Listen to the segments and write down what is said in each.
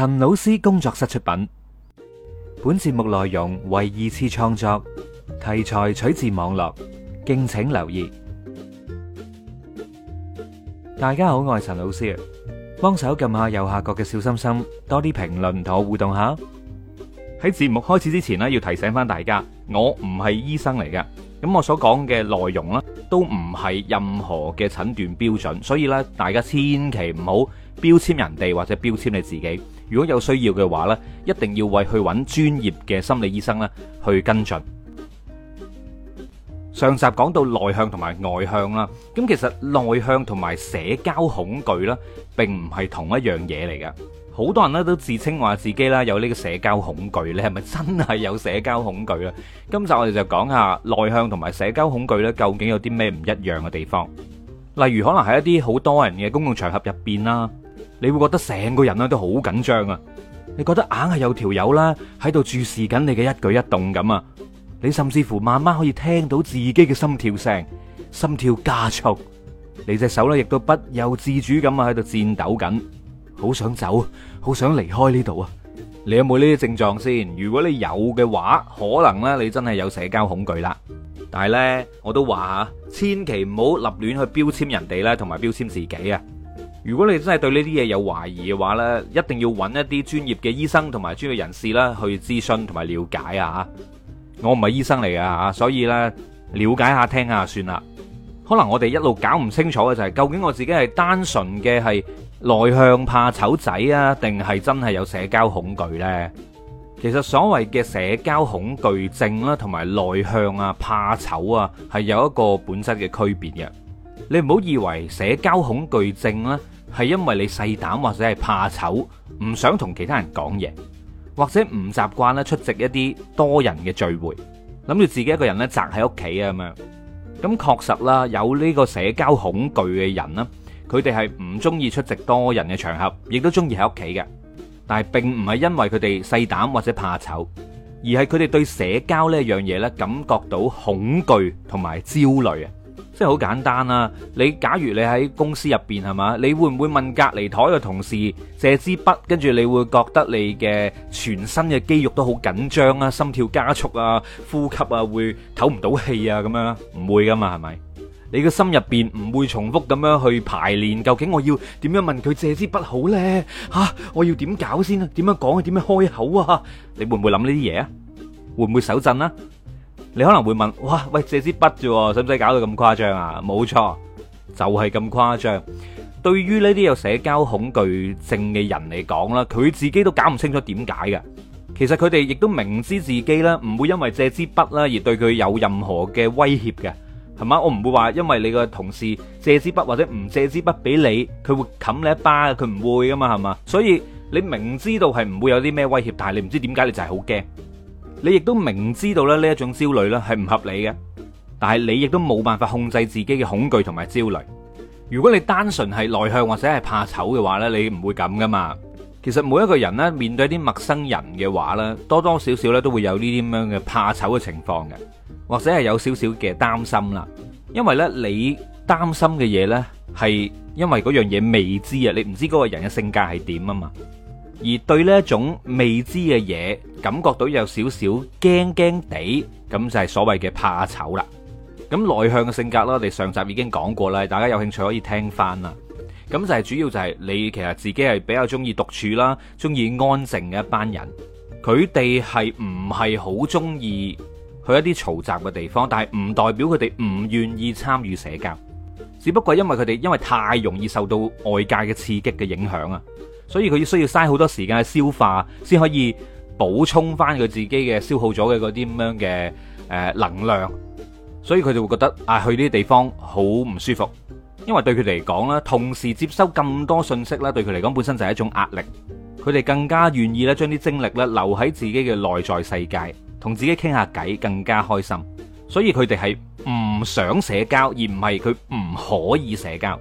陳老師工作室出品，本節目內容為二次創作，題材取自網絡，敬請留意。大家好，我係陳老師，幫手撳下右下角嘅小心心，多啲評論同我互動下。喺節目開始之前咧，要提醒返大家，我唔係醫生嚟㗎，咁我所講嘅內容啦，都唔係任何嘅診斷標準，所以咧，大家千祈唔好標籤人哋或者標籤你自己。如果有需要嘅話呢，一定要為去揾專業嘅心理醫生呢去跟進。上集講到內向同埋外向啦，咁其實內向同埋社交恐懼呢，並唔係同一樣嘢嚟嘅。好多人呢都自稱話自己啦有呢個社交恐懼，你係咪真係有社交恐懼啊？今集我哋就講下內向同埋社交恐懼呢，究竟有啲咩唔一樣嘅地方？例如可能喺一啲好多人嘅公共場合入邊啦。你會覺得成個人咧都好緊張啊！你覺得硬係有條友啦喺度注視緊你嘅一舉一動咁啊！你甚至乎慢慢可以聽到自己嘅心跳聲，心跳加速，你隻手咧亦都不由自主咁啊喺度顫抖緊，好想走，好想離開呢度啊！你有冇呢啲症狀先？如果你有嘅話，可能咧你真係有社交恐懼啦。但係咧，我都話，千祈唔好立亂去標籤人哋咧，同埋標籤自己啊！如果你真係對呢啲嘢有懷疑嘅話呢，一定要揾一啲專業嘅醫生同埋專業人士啦，去諮詢同埋了解啊！我唔係醫生嚟啊，所以呢，了解下聽下算啦。可能我哋一路搞唔清楚嘅就係，究竟我自己係單純嘅係內向怕醜仔啊，定係真係有社交恐懼呢？其實所謂嘅社交恐懼症啦，同埋內向啊、怕醜啊，係有一個本質嘅區別嘅。你唔好以為社交恐懼症咧，係因為你細膽或者係怕醜，唔想同其他人講嘢，或者唔習慣咧出席一啲多人嘅聚會，諗住自己一個人咧宅喺屋企啊咁樣。咁確實啦，有呢個社交恐懼嘅人咧，佢哋係唔中意出席多人嘅場合，亦都中意喺屋企嘅。但係並唔係因為佢哋細膽或者怕醜，而係佢哋對社交呢樣嘢咧感覺到恐懼同埋焦慮啊。即係好簡單啊！你假如你喺公司入邊係嘛，你會唔會問隔離台嘅同事借支筆？跟住你會覺得你嘅全身嘅肌肉都好緊張啊，心跳加速啊，呼吸啊會唞唔到氣啊咁樣，唔會噶嘛，係咪？你嘅心入邊唔會重複咁樣去排練，究竟我要點樣問佢借支筆好呢？嚇，我要點搞先啊？點樣講啊？點樣開口啊？你會唔會諗呢啲嘢啊？會唔會手震啊？你可能會問：哇，喂，借支筆啫，使唔使搞到咁誇張啊？冇錯，就係咁誇張。對於呢啲有社交恐懼症嘅人嚟講啦，佢自己都搞唔清楚點解嘅。其實佢哋亦都明知自己啦，唔會因為借支筆啦而對佢有任何嘅威脅嘅，係嘛？我唔會話因為你個同事借支筆或者唔借支筆俾你，佢會冚你一巴嘅，佢唔會噶嘛，係嘛？所以你明知道係唔會有啲咩威脅，但係你唔知點解你就係好驚。你亦都明知道咧，呢一種焦慮咧，係唔合理嘅，但係你亦都冇辦法控制自己嘅恐懼同埋焦慮。如果你單純係內向或者係怕醜嘅話咧，你唔會咁噶嘛。其實每一個人咧，面對啲陌生人嘅話咧，多多少少咧，都會有呢啲咁樣嘅怕醜嘅情況嘅，或者係有少少嘅擔心啦。因為咧，你擔心嘅嘢咧，係因為嗰樣嘢未知啊，你唔知嗰個人嘅性格係點啊嘛。而對呢一種未知嘅嘢，感覺到有少少驚驚地，咁就係所謂嘅怕醜啦。咁內向嘅性格啦，我哋上集已經講過啦，大家有興趣可以聽翻啦。咁就係主要就係你其實自己係比較中意獨處啦，中意安靜嘅一班人。佢哋係唔係好中意去一啲嘈雜嘅地方，但係唔代表佢哋唔願意參與社交。只不過因為佢哋因為太容易受到外界嘅刺激嘅影響啊。所以佢要需要嘥好多時間去消化，先可以補充翻佢自己嘅消耗咗嘅嗰啲咁樣嘅誒能量。所以佢就會覺得啊，去呢啲地方好唔舒服，因為對佢嚟講咧，同時接收咁多信息咧，對佢嚟講本身就係一種壓力。佢哋更加願意咧將啲精力咧留喺自己嘅內在世界，同自己傾下偈更加開心。所以佢哋係唔想社交，而唔係佢唔可以社交。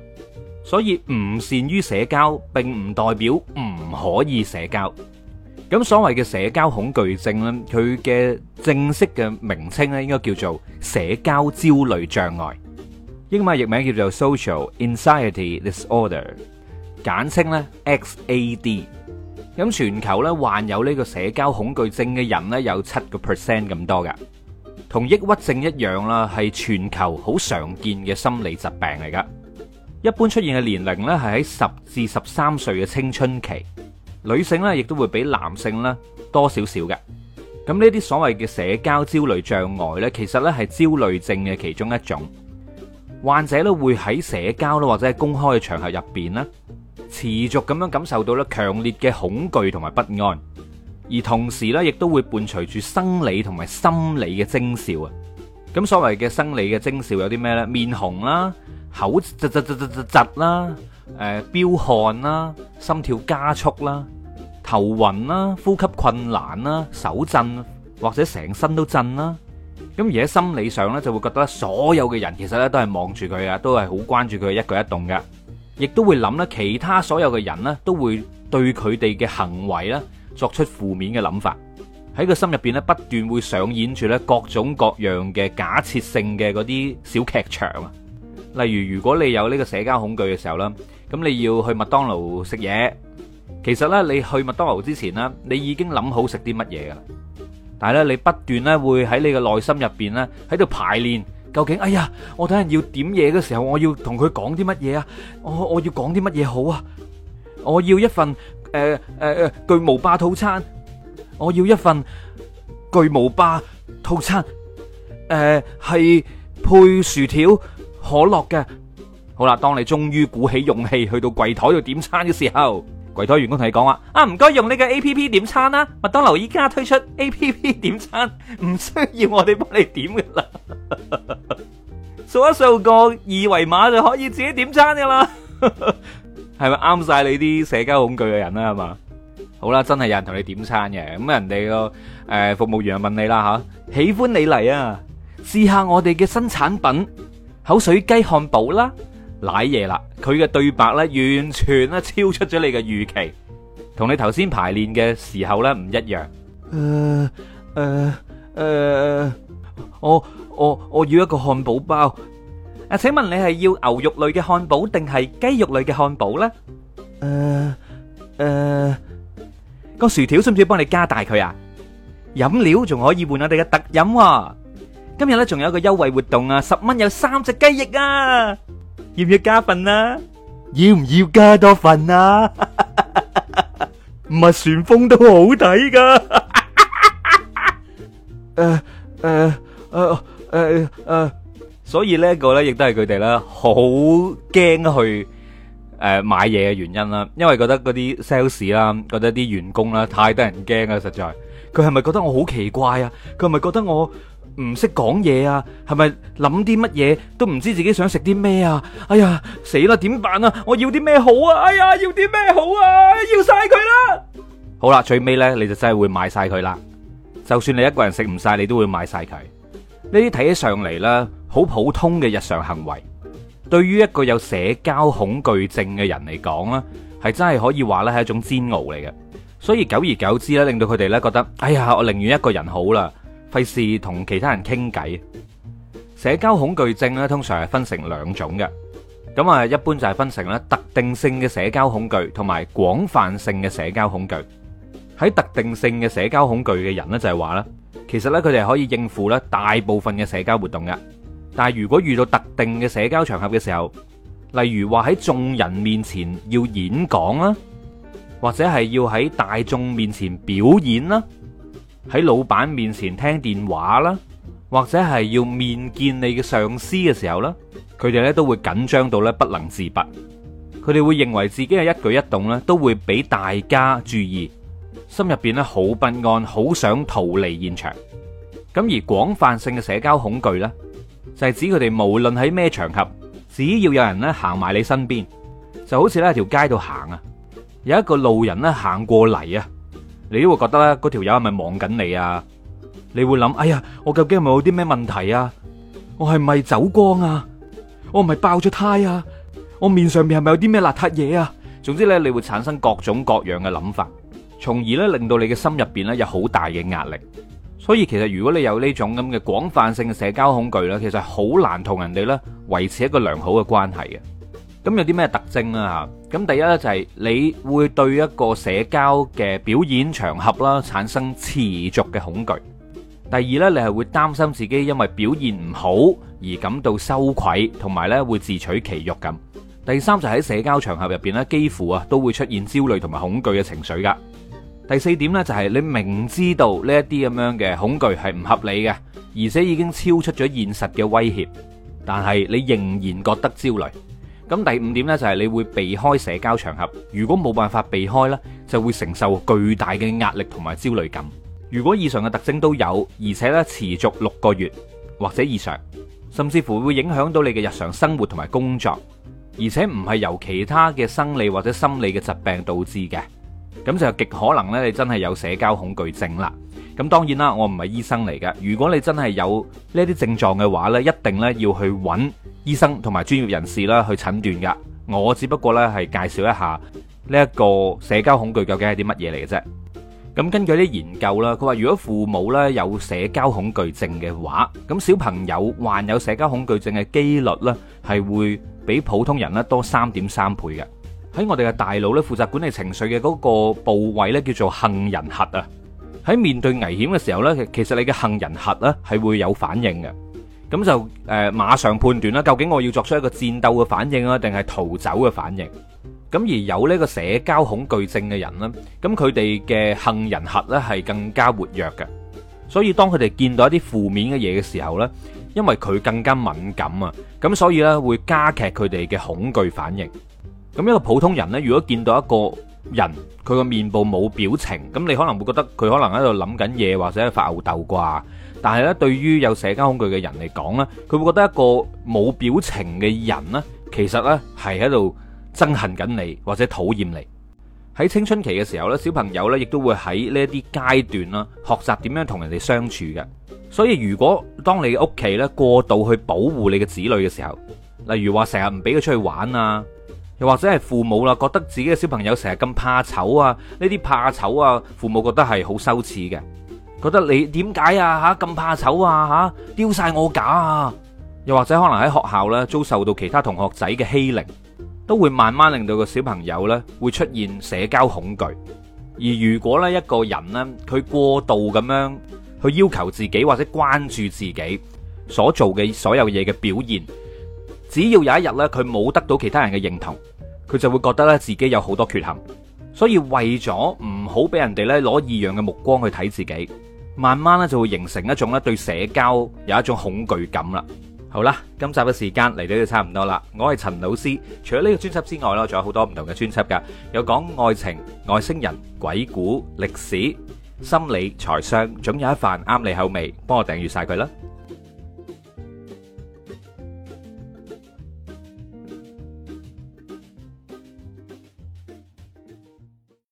所以唔善於社交，並唔代表唔可以社交。咁所謂嘅社交恐懼症咧，佢嘅正式嘅名稱咧，應該叫做社交焦慮障礙，英文譯名叫做 Social Anxiety Disorder，簡稱咧 SAD。咁全球咧患有呢個社交恐懼症嘅人咧，有七個 percent 咁多噶，同抑鬱症一樣啦，係全球好常見嘅心理疾病嚟噶。一般出現嘅年齡咧係喺十至十三歲嘅青春期，女性咧亦都會比男性咧多少少嘅。咁呢啲所謂嘅社交焦慮障礙呢，其實呢係焦慮症嘅其中一種。患者咧會喺社交咧或者係公開嘅場合入邊咧，持續咁樣感受到咧強烈嘅恐懼同埋不安，而同時呢亦都會伴隨住生理同埋心理嘅徵兆啊。咁所謂嘅生理嘅徵兆有啲咩呢？面紅啦。口窒窒窒窒窒窒啦，誒，飆汗啦，心跳加速啦，頭暈啦，呼吸困難啦，手震或者成身都震啦。咁而喺心理上呢，就會覺得所有嘅人其實咧都係望住佢啊，都係好關注佢一舉一動嘅，亦都會諗呢，其他所有嘅人呢，都會對佢哋嘅行為咧作出負面嘅諗法，喺個心入邊呢，不斷會上演住呢各種各樣嘅假設性嘅嗰啲小劇場啊。例如，如果你有呢個社交恐懼嘅時候啦，咁你要去麥當勞食嘢。其實咧，你去麥當勞之前咧，你已經諗好食啲乜嘢噶啦。但係咧，你不斷咧會喺你嘅內心入邊咧喺度排練，究竟哎呀，我睇人要點嘢嘅時候，我要同佢講啲乜嘢啊？我我要講啲乜嘢好啊？我要一份誒誒巨無霸套餐，我要一份巨無霸套餐，誒係配薯條、可樂嘅，好啦，當你終於鼓起勇氣去到櫃台度點餐嘅時候，櫃台員工同你講話：啊，唔該用呢個 APP 點餐啦。麥當勞依家推出 APP 點餐，唔需要我哋幫你點噶啦。掃 一掃個二維碼就可以自己點餐噶啦，係咪啱晒你啲社交恐懼嘅人啦？係嘛，好啦，真係有人同你點餐嘅，咁人哋個誒服務員就問你啦吓、啊，喜歡你嚟啊，試下我哋嘅新產品。口水雞漢堡啦，瀨嘢啦，佢嘅對白咧完全咧超出咗你嘅預期，同你頭先排練嘅時候咧唔一樣。誒誒誒，我我我要一個漢堡包。啊，請問你係要牛肉類嘅漢堡定係雞肉類嘅漢堡咧？誒誒，個薯條需唔需要幫你加大佢啊？飲料仲可以換我哋嘅特飲啊！今日咧，仲有一個優惠活動啊！十蚊有三隻雞翼啊！要唔要加份啊？要唔要加多份啊？唔係旋風都好抵噶。誒誒誒誒誒，所以呢一個咧，亦都係佢哋咧好驚去誒買嘢嘅原因啦。因為覺得嗰啲 sales 啦，覺得啲員工啦太得人驚啊，實在佢係咪覺得我好奇怪啊？佢係咪覺得我？唔識講嘢啊，係咪諗啲乜嘢都唔知自己想食啲咩啊？哎呀，死啦，點辦啊？我要啲咩好啊？哎呀，要啲咩好啊？要晒佢啦！好啦，最尾呢，你就真係會買晒佢啦。就算你一個人食唔晒，你都會買晒佢。呢啲睇起上嚟呢，好普通嘅日常行為，對於一個有社交恐懼症嘅人嚟講呢，係真係可以話呢係一種煎熬嚟嘅。所以久而久之呢，令到佢哋呢覺得，哎呀，我寧願一個人好啦。費事同其他人傾偈。社交恐懼症咧，通常係分成兩種嘅。咁啊，一般就係分成咧特定性嘅社交恐懼同埋廣泛性嘅社交恐懼。喺特定性嘅社交恐懼嘅人咧，就係話咧，其實咧佢哋可以應付咧大部分嘅社交活動嘅。但係如果遇到特定嘅社交場合嘅時候，例如話喺眾人面前要演講啦，或者係要喺大眾面前表演啦。喺老闆面前聽電話啦，或者係要面見你嘅上司嘅時候啦，佢哋咧都會緊張到咧不能自拔，佢哋會認為自己嘅一舉一動咧都會俾大家注意，心入邊咧好不安，好想逃離現場。咁而廣泛性嘅社交恐懼呢，就係指佢哋無論喺咩場合，只要有人咧行埋你身邊，就好似咧條街度行啊，有一個路人咧行過嚟啊。你都會覺得咧，嗰條友係咪望緊你啊？你會諗，哎呀，我究竟係咪有啲咩問題啊？我係咪走光啊？我唔係爆咗胎啊？我面上面係咪有啲咩邋遢嘢啊？總之咧，你會產生各種各樣嘅諗法，從而咧令到你嘅心入邊咧有好大嘅壓力。所以其實如果你有呢種咁嘅廣泛性嘅社交恐懼咧，其實好難同人哋咧維持一個良好嘅關係嘅。咁有啲咩特徵啊？吓咁，第一咧就係你會對一個社交嘅表演場合啦，產生持續嘅恐懼。第二咧，你係會擔心自己因為表現唔好而感到羞愧，同埋咧會自取其辱咁。第三就喺社交場合入邊咧，幾乎啊都會出現焦慮同埋恐懼嘅情緒噶。第四點咧就係你明知道呢一啲咁樣嘅恐懼係唔合理嘅，而且已經超出咗現實嘅威脅，但係你仍然覺得焦慮。咁第五點呢，就係你會避開社交場合，如果冇辦法避開呢，就會承受巨大嘅壓力同埋焦慮感。如果以上嘅特徵都有，而且咧持續六個月或者以上，甚至乎會影響到你嘅日常生活同埋工作，而且唔係由其他嘅生理或者心理嘅疾病導致嘅，咁就極可能咧你真係有社交恐懼症啦。咁當然啦，我唔係醫生嚟嘅。如果你真係有呢啲症狀嘅話咧，一定咧要去揾醫生同埋專業人士啦去診斷噶。我只不過咧係介紹一下呢一個社交恐懼究竟係啲乜嘢嚟嘅啫。咁根據啲研究啦，佢話如果父母咧有社交恐懼症嘅話，咁小朋友患有社交恐懼症嘅機率咧係會比普通人咧多三點三倍嘅。喺我哋嘅大腦咧負責管理情緒嘅嗰個部位咧叫做杏仁核啊。喺面對危險嘅時候呢，其實你嘅杏仁核呢係會有反應嘅，咁就誒馬上判斷啦，究竟我要作出一個戰鬥嘅反應啊，定係逃走嘅反應？咁而有呢個社交恐懼症嘅人呢，咁佢哋嘅杏仁核呢係更加活躍嘅，所以當佢哋見到一啲負面嘅嘢嘅時候呢，因為佢更加敏感啊，咁所以呢會加劇佢哋嘅恐懼反應。咁一個普通人呢，如果見到一個，人佢個面部冇表情，咁你可能會覺得佢可能喺度諗緊嘢，或者發吽逗啩。但係咧，對於有社交恐懼嘅人嚟講呢，佢會覺得一個冇表情嘅人呢，其實呢係喺度憎恨緊你，或者討厭你。喺青春期嘅時候呢，小朋友呢亦都會喺呢一啲階段啦，學習點樣同人哋相處嘅。所以如果當你屋企呢過度去保護你嘅子女嘅時候，例如話成日唔俾佢出去玩啊。又或者係父母啦，覺得自己嘅小朋友成日咁怕醜啊，呢啲怕醜啊，父母覺得係好羞恥嘅，覺得你點解啊吓咁怕醜啊吓、啊啊，丟晒我架啊！又或者可能喺學校呢，遭受到其他同學仔嘅欺凌，都會慢慢令到個小朋友呢會出現社交恐懼。而如果呢一個人呢，佢過度咁樣去要求自己或者關注自己所做嘅所有嘢嘅表現。只要有一日咧，佢冇得到其他人嘅認同，佢就會覺得咧自己有好多缺陷，所以為咗唔好俾人哋咧攞異樣嘅目光去睇自己，慢慢咧就會形成一種咧對社交有一種恐懼感啦。好啦，今集嘅時間嚟到都差唔多啦，我係陳老師，除咗呢個專輯之外啦，仲有好多唔同嘅專輯噶，有講愛情、外星人、鬼故、歷史、心理、財商，總有一份啱你口味，幫我訂閱晒佢啦。